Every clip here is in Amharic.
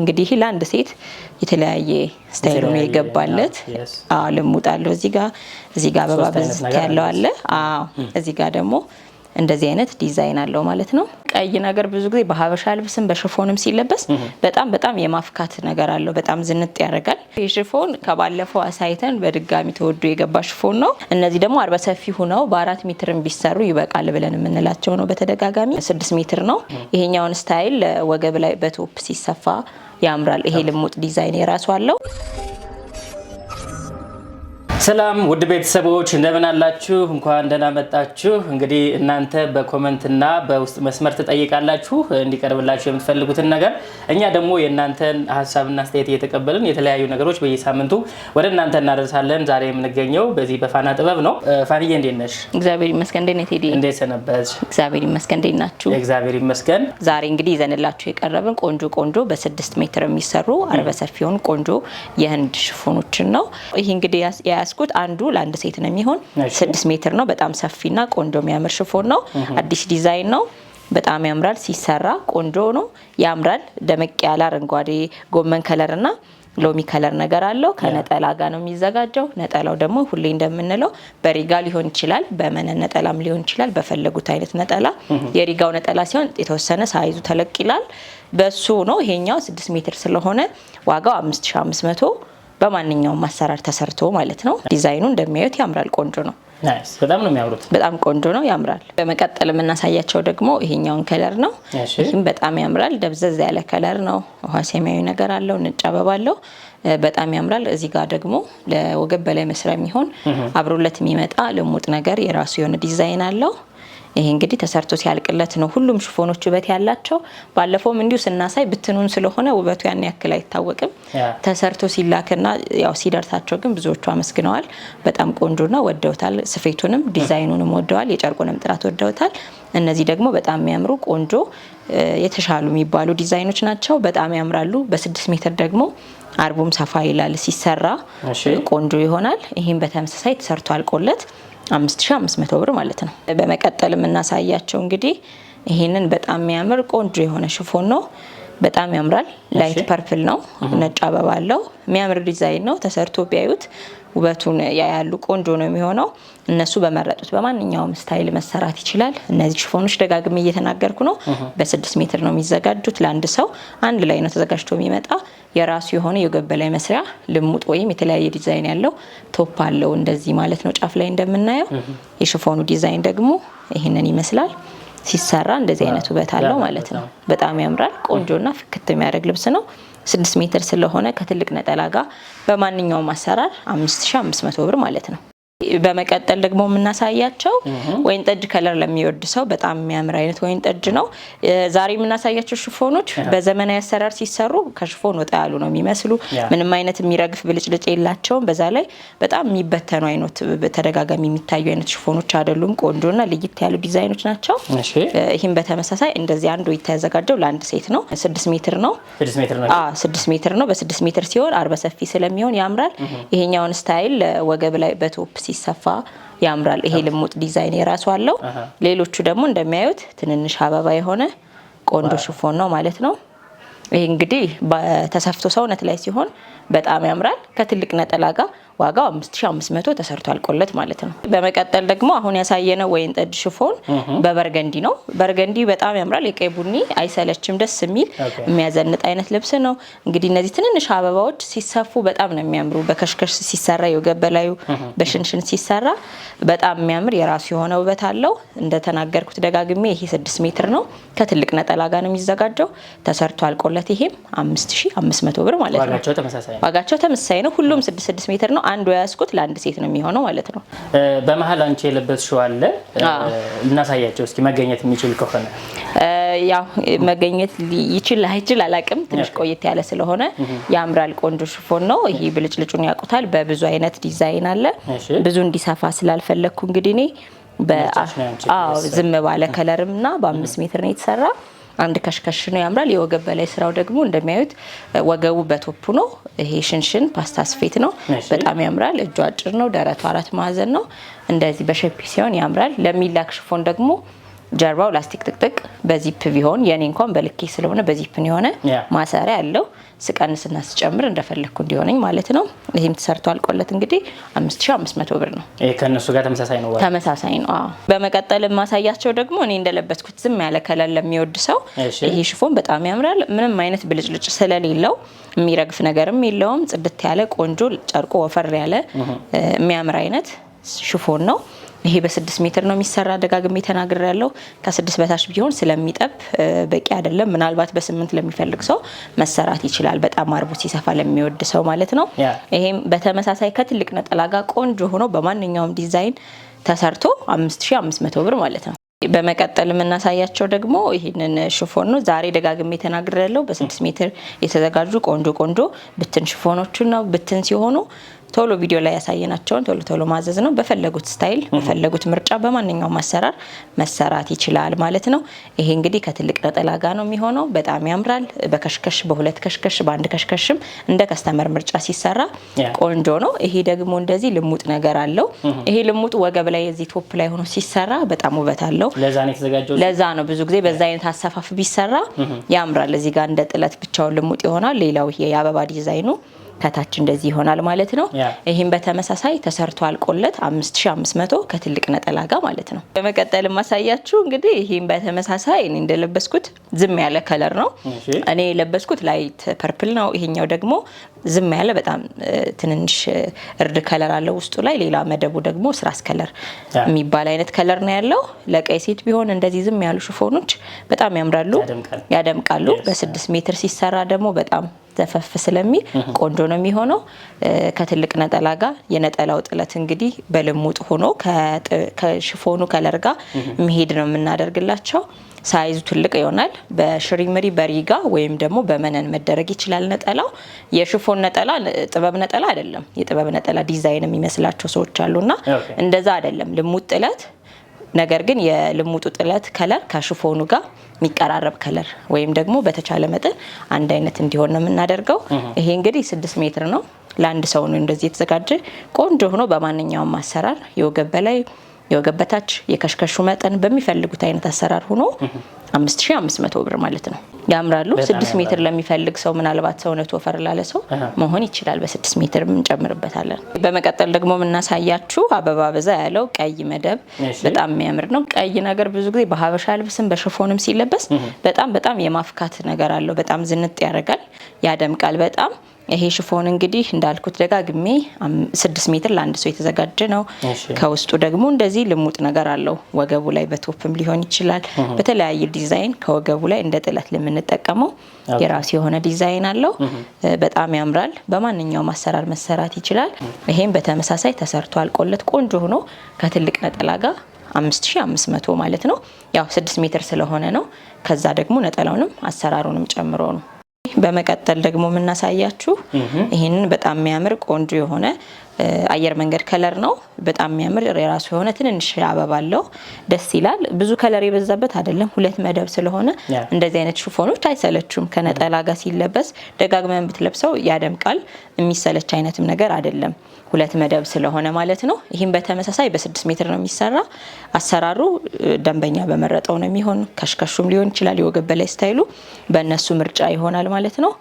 እንግዲህ ለአንድ ሴት የተለያየ ስታይል ነው የገባለት። አዎ ልሙጥ አለው እዚህ ጋር እዚህ ጋር አበባ በዝት ያለው አለ። አዎ እዚህ ጋር ደግሞ እንደዚህ አይነት ዲዛይን አለው ማለት ነው። ቀይ ነገር ብዙ ጊዜ በሀበሻ ልብስም በሽፎንም ሲለበስ በጣም በጣም የማፍካት ነገር አለው። በጣም ዝንጥ ያደርጋል። ይህ ሽፎን ከባለፈው አሳይተን በድጋሚ ተወዶ የገባ ሽፎን ነው። እነዚህ ደግሞ አርበ ሰፊ ሁነው በአራት ሜትርም ቢሰሩ ይበቃል ብለን የምንላቸው ነው። በተደጋጋሚ ስድስት ሜትር ነው። ይሄኛውን ስታይል ወገብ ላይ በቶፕ ሲሰፋ ያምራል። ይሄ ልሙጥ ዲዛይን የራሱ አለው። ሰላም ውድ ቤተሰቦች እንደምን አላችሁ? እንኳን ደህና መጣችሁ። እንግዲህ እናንተ በኮመንትና በውስጥ መስመር ትጠይቃላችሁ እንዲቀርብላችሁ የምትፈልጉትን ነገር፣ እኛ ደግሞ የእናንተን ሀሳብና አስተያየት እየተቀበልን የተለያዩ ነገሮች በየሳምንቱ ወደ እናንተ እናደርሳለን። ዛሬ የምንገኘው በዚህ በፋና ጥበብ ነው። ፋንዬ እንዴት ነሽ? እግዚአብሔር ይመስገን። እንዴት ነህ እንዴት እግዚአብሔር ይመስገን። እንዴት ናችሁ? እግዚአብሔር ይመስገን። ዛሬ እንግዲህ ይዘንላችሁ የቀረብን ቆንጆ ቆንጆ በስድስት ሜትር የሚሰሩ አርበ የሆኑ ቆንጆ የህንድ ሽፎኖችን ነው። ይህ እንግዲህ የያዝኩት አንዱ ለአንድ ሴት ነው የሚሆን ስድስት ሜትር ነው። በጣም ሰፊና ቆንጆ የሚያምር ሽፎን ነው። አዲስ ዲዛይን ነው። በጣም ያምራል። ሲሰራ ቆንጆ ነው፣ ያምራል። ደመቅ ያለ አረንጓዴ ጎመን ከለርና ሎሚ ከለር ነገር አለው። ከነጠላ ጋር ነው የሚዘጋጀው። ነጠላው ደግሞ ሁሌ እንደምንለው በሪጋ ሊሆን ይችላል፣ በመነን ነጠላም ሊሆን ይችላል። በፈለጉት አይነት ነጠላ የሪጋው ነጠላ ሲሆን የተወሰነ ሳይዙ ተለቅ ይላል። በሱ ነው ይሄኛው 6 ሜትር ስለሆነ ዋጋው 5500 በማንኛውም አሰራር ተሰርቶ ማለት ነው። ዲዛይኑ እንደሚያዩት ያምራል። ቆንጆ ነው። በጣም ነው የሚያምሩት። በጣም ቆንጆ ነው፣ ያምራል። በመቀጠል የምናሳያቸው ደግሞ ይሄኛውን ከለር ነው። ይህም በጣም ያምራል። ደብዘዝ ያለ ከለር ነው። ውሃ ሰማያዊ ነገር አለው፣ ነጭ አበባ አለው። በጣም ያምራል። እዚህ ጋር ደግሞ ለወገብ በላይ መስሪያ የሚሆን አብሮለት የሚመጣ ልሙጥ ነገር የራሱ የሆነ ዲዛይን አለው። ይሄ እንግዲህ ተሰርቶ ሲያልቅለት ነው። ሁሉም ሽፎኖች ውበት ያላቸው ባለፈውም እንዲሁ ስናሳይ ብትኑን ስለሆነ ውበቱ ያን ያክል አይታወቅም። ተሰርቶ ሲላክና ያው ሲደርሳቸው ግን ብዙዎቹ አመስግነዋል። በጣም ቆንጆና ወደውታል። ስፌቱንም ዲዛይኑንም ወደዋል። የጨርቁንም ጥራት ወደውታል። እነዚህ ደግሞ በጣም የሚያምሩ ቆንጆ የተሻሉ የሚባሉ ዲዛይኖች ናቸው። በጣም ያምራሉ። በስድስት ሜትር ደግሞ አርቡም ሰፋ ይላል ሲሰራ ቆንጆ ይሆናል። ይህም በተመሳሳይ ተሰርቶ አልቆለት 5500 ብር ማለት ነው። በመቀጠል የምናሳያቸው እንግዲህ ይህንን በጣም የሚያምር ቆንጆ የሆነ ሽፎን ነው። በጣም ያምራል። ላይት ፐርፕል ነው፣ ነጭ አበባ አለው። የሚያምር ዲዛይን ነው። ተሰርቶ ቢያዩት ውበቱን ያያሉ። ቆንጆ ነው የሚሆነው። እነሱ በመረጡት በማንኛውም ስታይል መሰራት ይችላል። እነዚህ ሽፎኖች ደጋግሜ እየተናገርኩ ነው። በስድስት ሜትር ነው የሚዘጋጁት። ለአንድ ሰው አንድ ላይ ነው ተዘጋጅቶ የሚመጣ የራሱ የሆነ የወገብ ላይ መስሪያ ልሙጥ ወይም የተለያየ ዲዛይን ያለው ቶፕ አለው እንደዚህ ማለት ነው። ጫፍ ላይ እንደምናየው የሽፎኑ ዲዛይን ደግሞ ይህንን ይመስላል። ሲሰራ እንደዚህ አይነት ውበት አለው ማለት ነው። በጣም ያምራል። ቆንጆና ፍክት የሚያደርግ ልብስ ነው። ስድስት ሜትር ስለሆነ ከትልቅ ነጠላ ጋር በማንኛውም አሰራር አምስት ሺ አምስት መቶ ብር ማለት ነው። በመቀጠል ደግሞ የምናሳያቸው ወይን ጠጅ ከለር ለሚወድ ሰው በጣም የሚያምር አይነት ወይን ጠጅ ነው። ዛሬ የምናሳያቸው ሽፎኖች በዘመናዊ አሰራር ሲሰሩ ከሽፎን ወጣ ያሉ ነው የሚመስሉ። ምንም አይነት የሚረግፍ ብልጭልጭ የላቸውም። በዛ ላይ በጣም የሚበተኑ አይነት በተደጋጋሚ የሚታዩ አይነት ሽፎኖች አይደሉም። ቆንጆና ልይት ያሉ ዲዛይኖች ናቸው። ይህም በተመሳሳይ እንደዚህ አንዱ የተዘጋጀው ለአንድ ሴት ነው። ስድስት ሜትር ነው ስድስት ሜትር ነው። በስድስት ሜትር ሲሆን አርበ ሰፊ ስለሚሆን ያምራል። ይሄኛውን ስታይል ወገብ ላይ በቶፕ ሲሰፋ ያምራል። ይሄ ልሙጥ ዲዛይን የራሱ አለው። ሌሎቹ ደግሞ እንደሚያዩት ትንንሽ አበባ የሆነ ቆንጆ ሽፎን ነው ማለት ነው። ይህ እንግዲህ በተሰፍቶ ሰውነት ላይ ሲሆን በጣም ያምራል ከትልቅ ነጠላ ጋር ዋጋው 5500 ተሰርቶ አልቆለት ማለት ነው። በመቀጠል ደግሞ አሁን ያሳየነው ወይን ጠጅ ሽፎን በበርገንዲ ነው። በርገንዲ በጣም ያምራል። የቀይ ቡኒ አይሰለችም፣ ደስ የሚል የሚያዘንጥ አይነት ልብስ ነው። እንግዲህ እነዚህ ትንንሽ አበባዎች ሲሰፉ በጣም ነው የሚያምሩ። በከሽከሽ ሲሰራ የወገብ በላዩ በሽንሽን ሲሰራ በጣም የሚያምር የራሱ የሆነ ውበት አለው። እንደተናገርኩት ደጋግሜ ይሄ 6 ሜትር ነው። ከትልቅ ነጠላ ጋር ነው የሚዘጋጀው። ተሰርቶ አልቆለት ይሄም 5500 ብር ማለት ነው። ዋጋቸው ተመሳሳይ ነው። ሁሉም 6 ሜትር ነው። አንዱ የያዝኩት ለአንድ ሴት ነው የሚሆነው ማለት ነው። በመሀል አንቺ የለበስሽው አለ እናሳያቸው እስኪ መገኘት የሚችል ከሆነ ያው መገኘት ይችል አይችል አላቅም። ትንሽ ቆየት ያለ ስለሆነ ያምራል። ቆንጆ ሽፎን ነው ይሄ። ብልጭልጩን ያውቁታል። በብዙ አይነት ዲዛይን አለ። ብዙ እንዲሰፋ ስላልፈለግኩ እንግዲህ እኔ ዝም ባለ ከለርም እና በአምስት ሜትር ነው የተሰራ አንድ ከሽከሽ ነው ያምራል። የወገብ በላይ ስራው ደግሞ እንደሚያዩት ወገቡ በቶፕ ነው። ይሄ ሽንሽን ፓስታ ስፌት ነው፣ በጣም ያምራል። እጁ አጭር ነው፣ ደረቱ አራት ማዕዘን ነው። እንደዚህ በሸፒ ሲሆን ያምራል። ለሚላክ ሽፎን ደግሞ ጀርባው ላስቲክ ጥቅጥቅ በዚፕ ቢሆን የኔ እንኳን በልኬ ስለሆነ በዚፕ የሆነ ማሰሪያ ያለው ስቀንስና ስጨምር እንደፈለግኩ እንዲሆነኝ ማለት ነው። ይህም ተሰርቶ አልቆለት እንግዲህ 5500 ብር ነው። ከእነሱ ጋር ተመሳሳይ ነው ተመሳሳይ ነው። አዎ በመቀጠል ማሳያቸው ደግሞ እኔ እንደለበስኩት ዝም ያለ ከለር ለሚወድ ሰው ይሄ ሽፎን በጣም ያምራል። ምንም አይነት ብልጭልጭ ስለሌለው የሚረግፍ ነገርም የለውም። ጽድት ያለ ቆንጆ ጨርቆ ወፈር ያለ የሚያምር አይነት ሽፎን ነው። ይሄ በስድስት ሜትር ነው የሚሰራ። ደጋግሜ ተናግር ያለው ከስድስት በታች ቢሆን ስለሚጠብ በቂ አይደለም። ምናልባት በስምንት ለሚፈልግ ሰው መሰራት ይችላል። በጣም አርቦ ሲሰፋ ለሚወድ ሰው ማለት ነው። ይሄም በተመሳሳይ ከትልቅ ነጠላ ጋር ቆንጆ ሆኖ በማንኛውም ዲዛይን ተሰርቶ 5500 ብር ማለት ነው። በመቀጠል የምናሳያቸው ደግሞ ይህንን ሽፎን ነው። ዛሬ ደጋግሜ ተናግር ያለው በስድስት ሜትር የተዘጋጁ ቆንጆ ቆንጆ ብትን ሽፎኖቹ ነው። ብትን ሲሆኑ ቶሎ ቪዲዮ ላይ ያሳየናቸውን ቶሎ ቶሎ ማዘዝ ነው። በፈለጉት ስታይል፣ በፈለጉት ምርጫ፣ በማንኛውም አሰራር መሰራት ይችላል ማለት ነው። ይሄ እንግዲህ ከትልቅ ነጠላ ጋር ነው የሚሆነው። በጣም ያምራል። በከሽከሽ በሁለት ከሽከሽ በአንድ ከሽከሽም እንደ ከስተመር ምርጫ ሲሰራ ቆንጆ ነው። ይሄ ደግሞ እንደዚህ ልሙጥ ነገር አለው። ይሄ ልሙጥ ወገብ ላይ እዚህ ቶፕ ላይ ሆኖ ሲሰራ በጣም ውበት አለው። ለዛ ነው ብዙ ጊዜ በዛ አይነት አሰፋፍ ቢሰራ ያምራል። እዚህ ጋር እንደ ጥለት ብቻውን ልሙጥ ይሆናል። ሌላው ይሄ የአበባ ዲዛይኑ ከታች እንደዚህ ይሆናል ማለት ነው። ይህም በተመሳሳይ ተሰርቶ አልቆለት 5500 ከትልቅ ነጠላ ጋር ማለት ነው። በመቀጠል ማሳያችሁ እንግዲህ ይህም በተመሳሳይ እኔ እንደለበስኩት ዝም ያለ ከለር ነው። እኔ የለበስኩት ላይት ፐርፕል ነው። ይሄኛው ደግሞ ዝም ያለ በጣም ትንንሽ እርድ ከለር አለው ውስጡ ላይ። ሌላ መደቡ ደግሞ ስራስ ከለር የሚባል አይነት ከለር ነው ያለው። ለቀይ ሴት ቢሆን እንደዚህ ዝም ያሉ ሽፎኖች በጣም ያምራሉ፣ ያደምቃሉ። በስድስት ሜትር ሲሰራ ደግሞ በጣም ተፈፍ ስለሚል ቆንጆ ነው የሚሆነው። ከትልቅ ነጠላ ጋር የነጠላው ጥለት እንግዲህ በልሙጥ ሆኖ ከሽፎኑ ከለር ጋር የሚሄድ ነው የምናደርግላቸው። ሳይዙ ትልቅ ይሆናል። በሽሪምሪ በሪጋ ወይም ደግሞ በመነን መደረግ ይችላል። ነጠላው የሽፎን ነጠላ ጥበብ ነጠላ አይደለም። የጥበብ ነጠላ ዲዛይን የሚመስላቸው ሰዎች አሉና እንደዛ አይደለም። ልሙጥ ጥለት ነገር ግን የልሙጡ ጥለት ከለር ከሽፎኑ ጋር የሚቀራረብ ከለር ወይም ደግሞ በተቻለ መጠን አንድ አይነት እንዲሆን ነው የምናደርገው። ይሄ እንግዲህ ስድስት ሜትር ነው ለአንድ ሰው ነው እንደዚህ የተዘጋጀ ቆንጆ ሆኖ በማንኛውም አሰራር የወገብ በላይ የወገብ በታች የከሽከሹ መጠን በሚፈልጉት አይነት አሰራር ሆኖ 5500 ብር ማለት ነው። ያምራሉ። 6 ሜትር ለሚፈልግ ሰው ምናልባት ሰውነቱ ወፈር ላለ ሰው መሆን ይችላል። በ6 ሜትር እንጨምርበታለን። በመቀጠል ደግሞ የምናሳያችሁ አበባ በዛ ያለው ቀይ መደብ በጣም የሚያምር ነው። ቀይ ነገር ብዙ ጊዜ በሀበሻ ልብስም በሽፎንም ሲለበስ በጣም በጣም የማፍካት ነገር አለው። በጣም ዝንጥ ያደርጋል፣ ያደምቃል በጣም ይሄ ሽፎን እንግዲህ እንዳልኩት ደጋግሜ ስድስት ሜትር ለአንድ ሰው የተዘጋጀ ነው። ከውስጡ ደግሞ እንደዚህ ልሙጥ ነገር አለው። ወገቡ ላይ በቶፕም ሊሆን ይችላል። በተለያየ ዲዛይን ከወገቡ ላይ እንደ ጥለት ለምንጠቀመው የራሱ የሆነ ዲዛይን አለው። በጣም ያምራል። በማንኛውም አሰራር መሰራት ይችላል። ይሄም በተመሳሳይ ተሰርቶ አልቆለት ቆንጆ ሆኖ ከትልቅ ነጠላ ጋር 5500 ማለት ነው። ያው 6 ሜትር ስለሆነ ነው። ከዛ ደግሞ ነጠላውንም አሰራሩንም ጨምሮ ነው። በመቀጠል ደግሞ የምናሳያችሁ ይህንን በጣም የሚያምር ቆንጆ የሆነ አየር መንገድ ከለር ነው። በጣም የሚያምር የራሱ የሆነ ትንንሽ አበባ አለው። ደስ ይላል። ብዙ ከለር የበዛበት አይደለም። ሁለት መደብ ስለሆነ እንደዚህ አይነት ሽፎኖች አይሰለችም። ከነጠላ ጋር ሲለበስ ደጋግመን ብትለብሰው ያደምቃል። የሚሰለች አይነትም ነገር አይደለም። ሁለት መደብ ስለሆነ ማለት ነው። ይህም በተመሳሳይ በስድስት ሜትር ነው የሚሰራ። አሰራሩ ደንበኛ በመረጠው ነው የሚሆን። ከሽከሹም ሊሆን ይችላል የወገብ በላይ ስታይሉ በእነሱ ምርጫ ይሆናል ማለት ነው።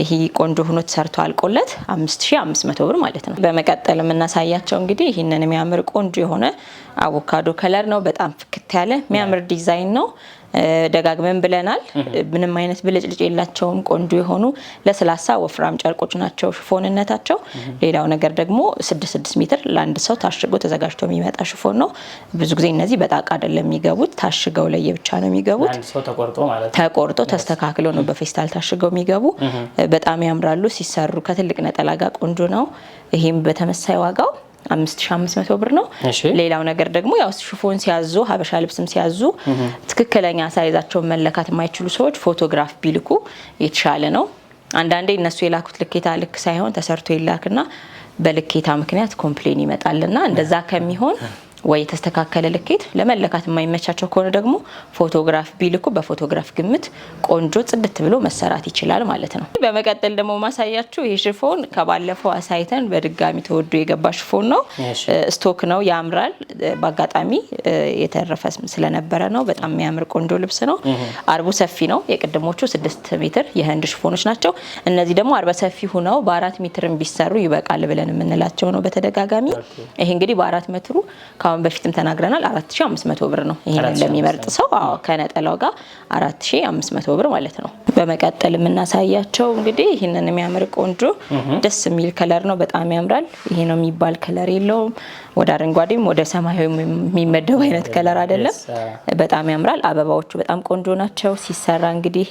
ይሄ ቆንጆ ሆኖ ተሰርቶ አልቆለት 5500 ብር ማለት ነው። በመቀጠል የምናሳያቸው እንግዲህ ይህንን የሚያምር ቆንጆ የሆነ አቮካዶ ከለር ነው። በጣም ፍክት ያለ የሚያምር ዲዛይን ነው። ደጋግመን ብለናል። ምንም አይነት ብልጭልጭ የላቸውም። ቆንጆ የሆኑ ለስላሳ ወፍራም ጨርቆች ናቸው ሽፎንነታቸው። ሌላው ነገር ደግሞ ስድስት ስድስት ሜትር ለአንድ ሰው ታሽጎ ተዘጋጅቶ የሚመጣ ሽፎን ነው። ብዙ ጊዜ እነዚህ በጣቃ አይደለም የሚገቡት፣ ታሽገው ለየብቻ ነው የሚገቡት። ተቆርጦ ተስተካክሎ ነው በፌስታል ታሽገው የሚገቡ። በጣም ያምራሉ ሲሰሩ ከትልቅ ነጠላ ጋር ቆንጆ ነው። ይህም በተመሳይ ዋጋው አምስት ሺ አምስት መቶ ብር ነው። ሌላው ነገር ደግሞ ያው ሽፎን ሲያዙ ሀበሻ ልብስም ሲያዙ ትክክለኛ ሳይዛቸውን መለካት የማይችሉ ሰዎች ፎቶግራፍ ቢልኩ የተሻለ ነው። አንዳንዴ እነሱ የላኩት ልኬታ ልክ ሳይሆን ተሰርቶ ይላክና በልኬታ ምክንያት ኮምፕሌን ይመጣልና እንደዛ ከሚሆን ወይ የተስተካከለ ልኬት ለመለካት የማይመቻቸው ከሆነ ደግሞ ፎቶግራፍ ቢልኩ በፎቶግራፍ ግምት ቆንጆ ጽድት ብሎ መሰራት ይችላል ማለት ነው። በመቀጠል ደግሞ ማሳያችሁ ይህ ሽፎን ከባለፈው አሳይተን በድጋሚ ተወዶ የገባ ሽፎን ነው። ስቶክ ነው፣ ያምራል። በአጋጣሚ የተረፈ ስለነበረ ነው። በጣም የሚያምር ቆንጆ ልብስ ነው። አርቡ ሰፊ ነው። የቅድሞቹ ስድስት ሜትር የህንድ ሽፎኖች ናቸው። እነዚህ ደግሞ አርበ ሰፊ ሁነው በአራት ሜትር ቢሰሩ ይበቃል ብለን የምንላቸው ነው። በተደጋጋሚ ይህ እንግዲህ በአራት ሜትሩ ከአሁን በፊትም ተናግረናል። 4500 ብር ነው ይሄን ለሚመርጥ ሰው። ከነጠላው ጋር 4500 ብር ማለት ነው። በመቀጠል የምናሳያቸው እንግዲህ ይህንን የሚያምር ቆንጆ ደስ የሚል ከለር ነው። በጣም ያምራል። ይሄ ነው የሚባል ከለር የለውም። ወደ አረንጓዴም ወደ ሰማያዊ የሚመደቡ አይነት ከለር አይደለም። በጣም ያምራል። አበባዎቹ በጣም ቆንጆ ናቸው። ሲሰራ እንግዲህ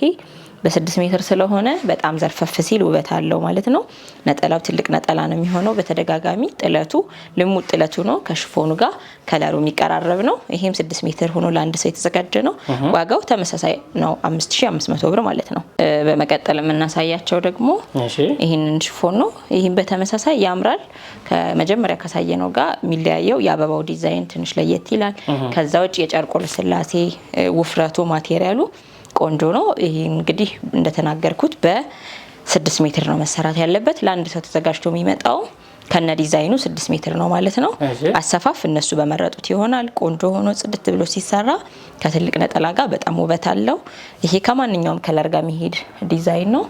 በስድስት ሜትር ስለሆነ በጣም ዘርፈፍ ሲል ውበት አለው ማለት ነው። ነጠላው ትልቅ ነጠላ ነው የሚሆነው። በተደጋጋሚ ጥለቱ ልሙጥ ጥለቱ ነው ከሽፎኑ ጋር ከለሩ የሚቀራረብ ነው። ይሄም ስድስት ሜትር ሆኖ ለአንድ ሰው የተዘጋጀ ነው። ዋጋው ተመሳሳይ ነው፣ መቶ ብር ማለት ነው። በመቀጠል የምናሳያቸው ደግሞ ይህንን ሽፎን ነው። ይህም በተመሳሳይ ያምራል። ከመጀመሪያ ካሳየ ነው ጋር የሚለያየው የአበባው ዲዛይን ትንሽ ለየት ይላል። ከዛ ውጭ የጨርቆ ልስላሴ፣ ውፍረቱ፣ ማቴሪያሉ ቆንጆ ነው። ይህ እንግዲህ እንደተናገርኩት በስድስት ሜትር ነው መሰራት ያለበት። ለአንድ ሰው ተዘጋጅቶ የሚመጣው ከነ ዲዛይኑ ስድስት ሜትር ነው ማለት ነው። አሰፋፍ እነሱ በመረጡት ይሆናል። ቆንጆ ሆኖ ጽድት ብሎ ሲሰራ ከትልቅ ነጠላ ጋር በጣም ውበት አለው። ይሄ ከማንኛውም ከለር ጋር የሚሄድ ዲዛይን ነው።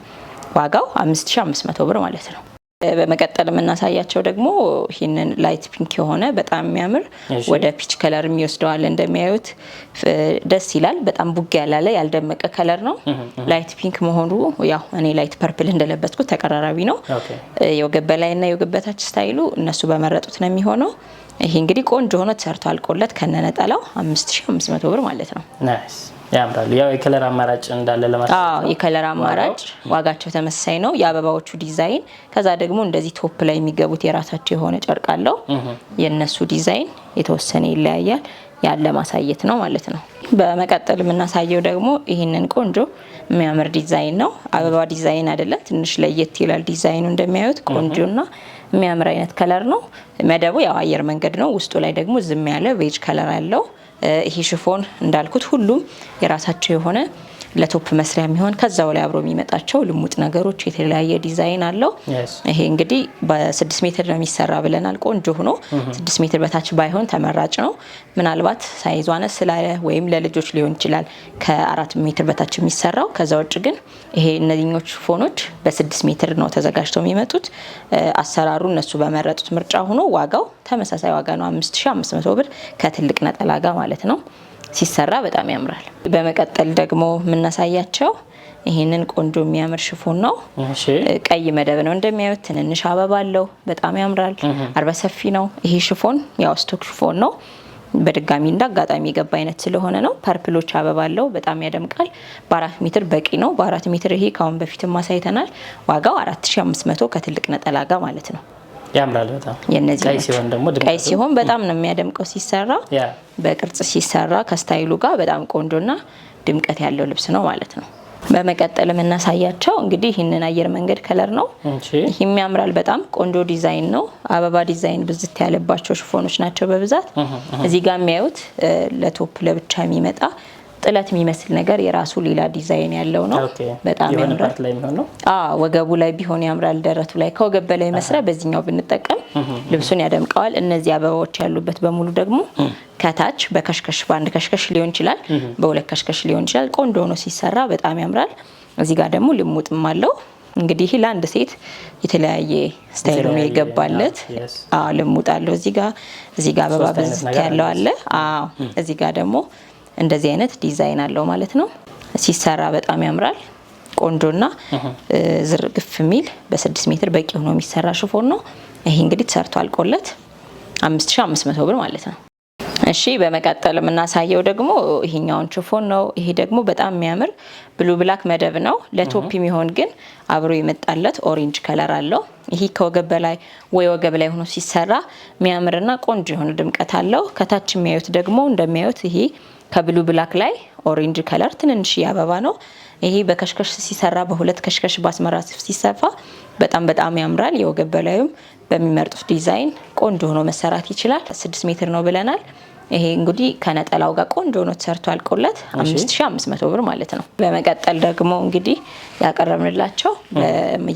ዋጋው 5500 ብር ማለት ነው። በመቀጠል የምናሳያቸው ደግሞ ይህንን ላይት ፒንክ የሆነ በጣም የሚያምር ወደ ፒች ከለር የሚወስደዋል። እንደሚያዩት ደስ ይላል። በጣም ቡግ ያላለ ያልደመቀ ከለር ነው። ላይት ፒንክ መሆኑ ያው እኔ ላይት ፐርፕል እንደለበስኩት ተቀራራቢ ነው። የወገብ በላይና የወገብ በታች ስታይሉ እነሱ በመረጡት ነው የሚሆነው። ይሄ እንግዲህ ቆንጆ ሆኖ ተሰርቶ አልቆለት ከነነጠላው 5500 ብር ማለት ነው። ያምራሉ። ያው የከለር አማራጭ እንዳለ ለማለት አዎ፣ የከለር አማራጭ ዋጋቸው ተመሳሳይ ነው። የአበባዎቹ ዲዛይን ከዛ ደግሞ እንደዚህ ቶፕ ላይ የሚገቡት የራሳቸው የሆነ ጨርቅ አለው። የእነሱ ዲዛይን የተወሰነ ይለያያል። ያለ ማሳየት ነው ማለት ነው። በመቀጠል የምናሳየው ደግሞ ይህንን ቆንጆ የሚያምር ዲዛይን ነው። አበባ ዲዛይን አይደለም፣ ትንሽ ለየት ይላል ዲዛይኑ። እንደሚያዩት ቆንጆና የሚያምር አይነት ከለር ነው። መደቡ ያው አየር መንገድ ነው። ውስጡ ላይ ደግሞ ዝም ያለ ቤጅ ከለር አለው። ይሄ ሽፎን እንዳልኩት ሁሉም የራሳቸው የሆነ ለቶፕ መስሪያ የሚሆን ከዛው ላይ አብሮ የሚመጣቸው ልሙጥ ነገሮች የተለያየ ዲዛይን አለው። ይሄ እንግዲህ በስድስት ሜትር ነው የሚሰራ ብለናል። ቆንጆ ሆኖ ስድስት ሜትር በታች ባይሆን ተመራጭ ነው። ምናልባት ሳይዟነ አነስ ስላለ ወይም ለልጆች ሊሆን ይችላል ከአራት ሜትር በታች የሚሰራው። ከዛ ውጭ ግን ይሄ እነዚኞቹ ፎኖች በስድስት ሜትር ነው ተዘጋጅተው የሚመጡት። አሰራሩ እነሱ በመረጡት ምርጫ ሆኖ ዋጋው ተመሳሳይ ዋጋ ነው፣ 5500 ብር ከትልቅ ነጠላ ጋር ማለት ነው። ሲሰራ በጣም ያምራል። በመቀጠል ደግሞ የምናሳያቸው ይህንን ቆንጆ የሚያምር ሽፎን ነው። ቀይ መደብ ነው እንደሚያዩት፣ ትንንሽ አበባ አለው። በጣም ያምራል። አርበ ሰፊ ነው። ይሄ ሽፎን ያው ስቶክ ሽፎን ነው። በድጋሚ እንደ አጋጣሚ የገባ አይነት ስለሆነ ነው። ፐርፕሎች አበባ አለው። በጣም ያደምቃል። በአራት ሜትር በቂ ነው። በአራት ሜትር ይሄ ከአሁን በፊትም አሳይተናል። ዋጋው መቶ ከትልቅ ነጠላ ጋር ማለት ነው። ያምራል በጣም የነዚህ ቀይ ሲሆን በጣም ነው የሚያደምቀው። ሲሰራ በቅርጽ ሲሰራ ከስታይሉ ጋር በጣም ቆንጆና ድምቀት ያለው ልብስ ነው ማለት ነው። በመቀጠል የምናሳያቸው እንግዲህ ይህንን አየር መንገድ ከለር ነው። ይህም ያምራል በጣም ቆንጆ ዲዛይን ነው። አበባ ዲዛይን ብዝት ያለባቸው ሽፎኖች ናቸው በብዛት። እዚህ ጋር የሚያዩት ለቶፕ ለብቻ የሚመጣ ጥለት የሚመስል ነገር የራሱ ሌላ ዲዛይን ያለው ነው። በጣም ያምራል። ወገቡ ላይ ቢሆን ያምራል። ደረቱ ላይ ከወገብ በላይ መስሪያ በዚህኛው ብንጠቀም ልብሱን ያደምቀዋል። እነዚህ አበባዎች ያሉበት በሙሉ ደግሞ ከታች በከሽከሽ በአንድ ከሽከሽ ሊሆን ይችላል፣ በሁለት ከሽከሽ ሊሆን ይችላል። ቆንጆ ሆኖ ሲሰራ በጣም ያምራል። እዚህ ጋር ደግሞ ልሙጥም አለው። እንግዲህ ለአንድ ሴት የተለያየ ስታይል ነው የገባለት። ልሙጥ አለው እዚህ ጋር እዚህ ጋር አበባ ብዝት ያለው አለ። እዚህ ጋር ደግሞ እንደዚህ አይነት ዲዛይን አለው ማለት ነው። ሲሰራ በጣም ያምራል። ቆንጆና ዝርግፍ የሚል በስድስት ሜትር በቂ ሆኖ የሚሰራ ሽፎን ነው። ይሄ እንግዲህ ተሰርቶ አልቆለት 5500 ብር ማለት ነው። እሺ በመቀጠል የምናሳየው ደግሞ ይሄኛውን ሽፎን ነው። ይሄ ደግሞ በጣም የሚያምር ብሉ ብላክ መደብ ነው። ለቶፕ የሚሆን ግን አብሮ የመጣለት ኦሬንጅ ከለር አለው። ይሄ ከወገብ በላይ ወይ ወገብ ላይ ሆኖ ሲሰራ የሚያምርና ቆንጆ የሆነ ድምቀት አለው። ከታች የሚያዩት ደግሞ እንደሚያዩት ይሄ ከብሉ ብላክ ላይ ኦሬንጅ ከለር ትንንሽ አበባ ነው። ይሄ በከሽከሽ ሲሰራ በሁለት ከሽከሽ በአስመራ ሲሰፋ በጣም በጣም ያምራል። የወገብ በላዩም በሚመርጡት ዲዛይን ቆንጆ ሆኖ መሰራት ይችላል። ስድስት ሜትር ነው ብለናል። ይሄ እንግዲህ ከነጠላው ጋር ቆንጆ ነው ተሰርቶ አልቆለት 5500 ብር ማለት ነው። በመቀጠል ደግሞ እንግዲህ ያቀረብንላቸው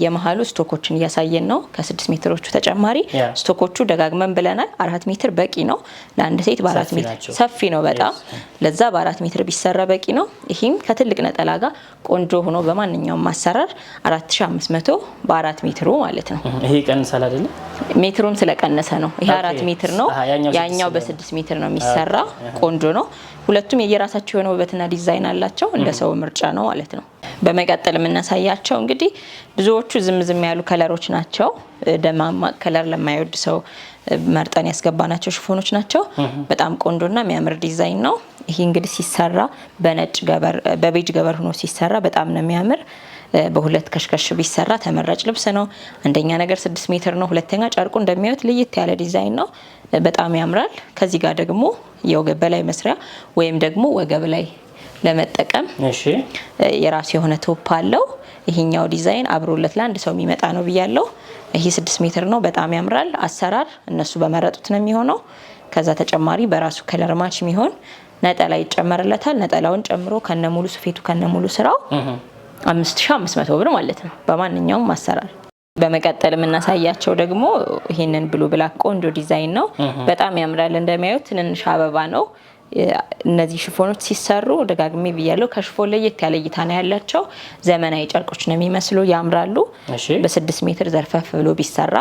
የመሀሉ ስቶኮችን እያሳየን ነው። ከ6 ሜትሮቹ ተጨማሪ ስቶኮቹ ደጋግመን ብለናል። አራት ሜትር በቂ ነው ለአንድ ሴት በአራት ሜትር ሰፊ ነው በጣም ለዛ በአራት ሜትር ቢሰራ በቂ ነው። ይህም ከትልቅ ነጠላ ጋር ቆንጆ ሆኖ በማንኛውም ማሰራር 4500 በአራት ሜትሩ ማለት ነው። ይሄ ቀንሳል አይደለም ሜትሩም ስለቀነሰ ነው። ይሄ አራት ሜትር ነው፣ ያኛው በስድስት ሜትር ነው የሚሰራ። ቆንጆ ነው። ሁለቱም የየራሳቸው የሆነ ውበትና ዲዛይን አላቸው። እንደ ሰው ምርጫ ነው ማለት ነው። በመቀጠል የምናሳያቸው እንግዲህ ብዙዎቹ ዝም ዝም ያሉ ከለሮች ናቸው። ደማማ ከለር ለማይወድ ሰው መርጠን ያስገባናቸው ሽፎኖች ናቸው። በጣም ቆንጆና የሚያምር ዲዛይን ነው። ይሄ እንግዲህ ሲሰራ በነጭ ገበር በቤጅ ገበር ሆኖ ሲሰራ በጣም ነው የሚያምር በሁለት ከሽከሽ ቢሰራ ተመራጭ ልብስ ነው። አንደኛ ነገር ስድስት ሜትር ነው። ሁለተኛ ጨርቁ እንደሚያዩት ልይት ያለ ዲዛይን ነው። በጣም ያምራል። ከዚህ ጋር ደግሞ የወገብ በላይ መስሪያ ወይም ደግሞ ወገብ ላይ ለመጠቀም የራሱ የሆነ ቶፕ አለው። ይሄኛው ዲዛይን አብሮለት ለአንድ ሰው የሚመጣ ነው ብያለው። ይሄ ስድስት ሜትር ነው። በጣም ያምራል። አሰራር እነሱ በመረጡት ነው የሚሆነው። ከዛ ተጨማሪ በራሱ ከለር ማች የሚሆን ነጠላ ይጨመርለታል። ነጠላውን ጨምሮ ከነሙሉ ስፌቱ ከነሙሉ ስራው አምስት ሺ አምስት መቶ ብር ማለት ነው በማንኛውም አሰራር። በመቀጠል የምናሳያቸው ደግሞ ይህንን ብሉ ብላክ ቆንጆ ዲዛይን ነው፣ በጣም ያምራል። እንደሚያዩት ትንንሽ አበባ ነው። እነዚህ ሽፎኖች ሲሰሩ ደጋግሜ ብያለሁ፣ ከሽፎን ለየት ያለ እይታ ነው ያላቸው። ዘመናዊ ጨርቆች ነው የሚመስሉ፣ ያምራሉ። በስድስት ሜትር ዘርፈፍ ብሎ ቢሰራ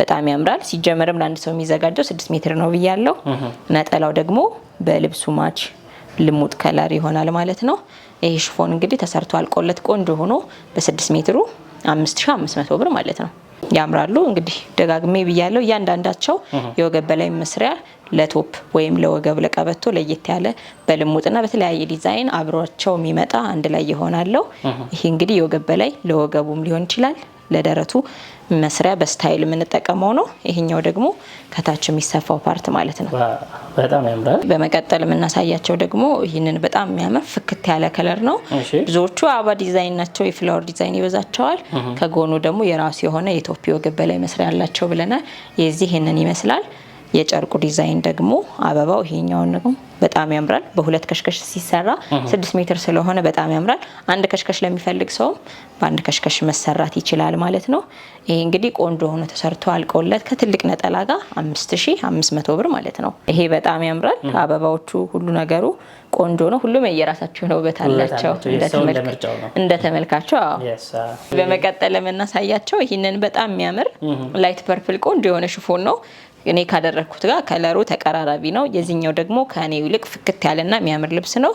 በጣም ያምራል። ሲጀመርም ለአንድ ሰው የሚዘጋጀው ስድስት ሜትር ነው ብያለሁ። ነጠላው ደግሞ በልብሱ ማች ልሙጥ ከለር ይሆናል ማለት ነው። ይሄ ሽፎን እንግዲህ ተሰርቶ አልቆለት ቆንጆ ሆኖ በስድስት ሜትሩ 5500 ብር ማለት ነው። ያምራሉ እንግዲህ ደጋግሜ ብያለው። እያንዳንዳቸው የወገብ በላይ መስሪያ ለቶፕ ወይም ለወገብ ለቀበቶ ለየት ያለ በልሙጥና በተለያየ ዲዛይን አብሯቸው የሚመጣ አንድ ላይ ይሆናለው። ይሄ እንግዲህ የወገብ በላይ ለወገቡም ሊሆን ይችላል ለደረቱ መስሪያ በስታይል የምንጠቀመው ነው። ይሄኛው ደግሞ ከታች የሚሰፋው ፓርት ማለት ነው። በጣም ያምራል። በመቀጠል የምናሳያቸው ደግሞ ይህንን በጣም የሚያምር ፍክት ያለ ከለር ነው። ብዙዎቹ አበባ ዲዛይን ናቸው፣ የፍላወር ዲዛይን ይበዛቸዋል። ከጎኑ ደግሞ የራሱ የሆነ የኢትዮጵያ ወገብ በላይ መስሪያ ያላቸው ብለናል። የዚህ ይህንን ይመስላል። የጨርቁ ዲዛይን ደግሞ አበባው ይሄኛውን ነው በጣም ያምራል። በሁለት ከሽከሽ ሲሰራ ስድስት ሜትር ስለሆነ በጣም ያምራል። አንድ ከሽከሽ ለሚፈልግ ሰውም በአንድ ከሽከሽ መሰራት ይችላል ማለት ነው። ይሄ እንግዲህ ቆንጆ ሆኖ ተሰርቶ አልቆለት ከትልቅ ነጠላ ጋር 5መቶ ብር ማለት ነው። ይሄ በጣም ያምራል። አበባዎቹ ሁሉ ነገሩ ቆንጆ ነው። ሁሉም የየራሳቸው ነው ውበት አላቸው እንደ ተመልካቸው። በመቀጠል የምናሳያቸው ይህንን በጣም የሚያምር ላይት ፐርፕል ቆንጆ የሆነ ሽፎን ነው እኔ ካደረግኩት ጋር ከለሩ ተቀራራቢ ነው። የዚህኛው ደግሞ ከእኔ ይልቅ ፍክት ያለና የሚያምር ልብስ ነው።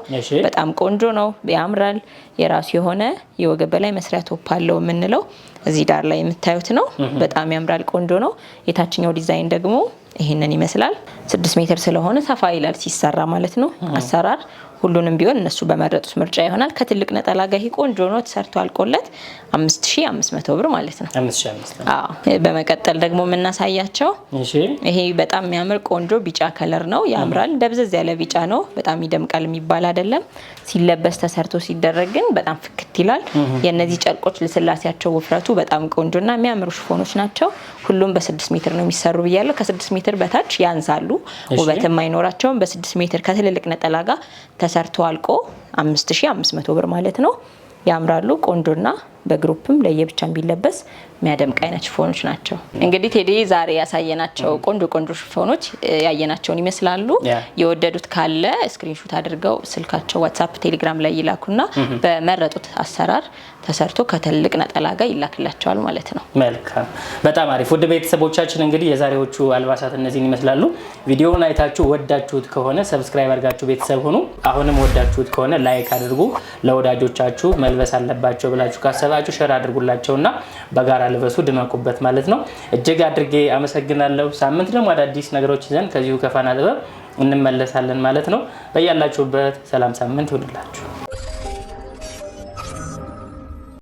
በጣም ቆንጆ ነው፣ ያምራል። የራሱ የሆነ የወገብ በላይ መስሪያ ቶፕ አለው የምንለው እዚህ ዳር ላይ የምታዩት ነው። በጣም ያምራል፣ ቆንጆ ነው። የታችኛው ዲዛይን ደግሞ ይህንን ይመስላል። ስድስት ሜትር ስለሆነ ሰፋ ይላል ሲሰራ ማለት ነው አሰራር ሁሉንም ቢሆን እነሱ በመረጡት ምርጫ ይሆናል። ከትልቅ ነጠላ ጋር ቆንጆ ነው ተሰርቶ አልቆለት 5500 ብር ማለት ነው። በመቀጠል ደግሞ የምናሳያቸው ይሄ በጣም የሚያምር ቆንጆ ቢጫ ከለር ነው። ያምራል። ደብዘዝ ያለ ቢጫ ነው። በጣም ይደምቃል የሚባል አይደለም። ሲለበስ ተሰርቶ ሲደረግ ግን በጣም ፍክት ይላል። የእነዚህ ጨርቆች ልስላሴያቸው፣ ውፍረቱ በጣም ቆንጆና የሚያምሩ ሽፎኖች ናቸው። ሁሉም በስድስት ሜትር ነው የሚሰሩ ብያለሁ። ከስድስት ሜትር በታች ያንሳሉ፣ ውበትም አይኖራቸውም። በስድስት ሜትር ከትልልቅ ነጠላ ጋር ተሰርቶ አልቆ 5500 ብር ማለት ነው። ያምራሉ ቆንጆና በግሩፕም ለየብቻ ቢለበስ የሚያደምቅ አይነት ሽፎኖች ናቸው። እንግዲህ ቴዲ ዛሬ ያሳየናቸው ቆንጆ ቆንጆ ሽፎኖች ያየናቸውን ይመስላሉ። የወደዱት ካለ ስክሪንሹት አድርገው ስልካቸው ዋትሳፕ፣ ቴሌግራም ላይ ይላኩና በመረጡት አሰራር ተሰርቶ ከትልቅ ነጠላ ጋር ይላክላቸዋል ማለት ነው። መልካም፣ በጣም አሪፍ። ውድ ቤተሰቦቻችን እንግዲህ የዛሬዎቹ አልባሳት እነዚህን ይመስላሉ። ቪዲዮውን አይታችሁ ወዳችሁት ከሆነ ሰብስክራይብ አድርጋችሁ ቤተሰብ ሁኑ። አሁንም ወዳችሁት ከሆነ ላይክ አድርጉ። ለወዳጆቻችሁ መልበስ አለባቸው ብላችሁ ካሰባ ካሰባችሁ ሸር አድርጉላቸውና በጋራ ልበሱ፣ ድመቁበት ማለት ነው። እጅግ አድርጌ አመሰግናለሁ። ሳምንት ደግሞ አዳዲስ ነገሮች ይዘን ከዚሁ ከፋና ጥበብ እንመለሳለን ማለት ነው። በያላችሁበት ሰላም ሳምንት ይሁንላችሁ።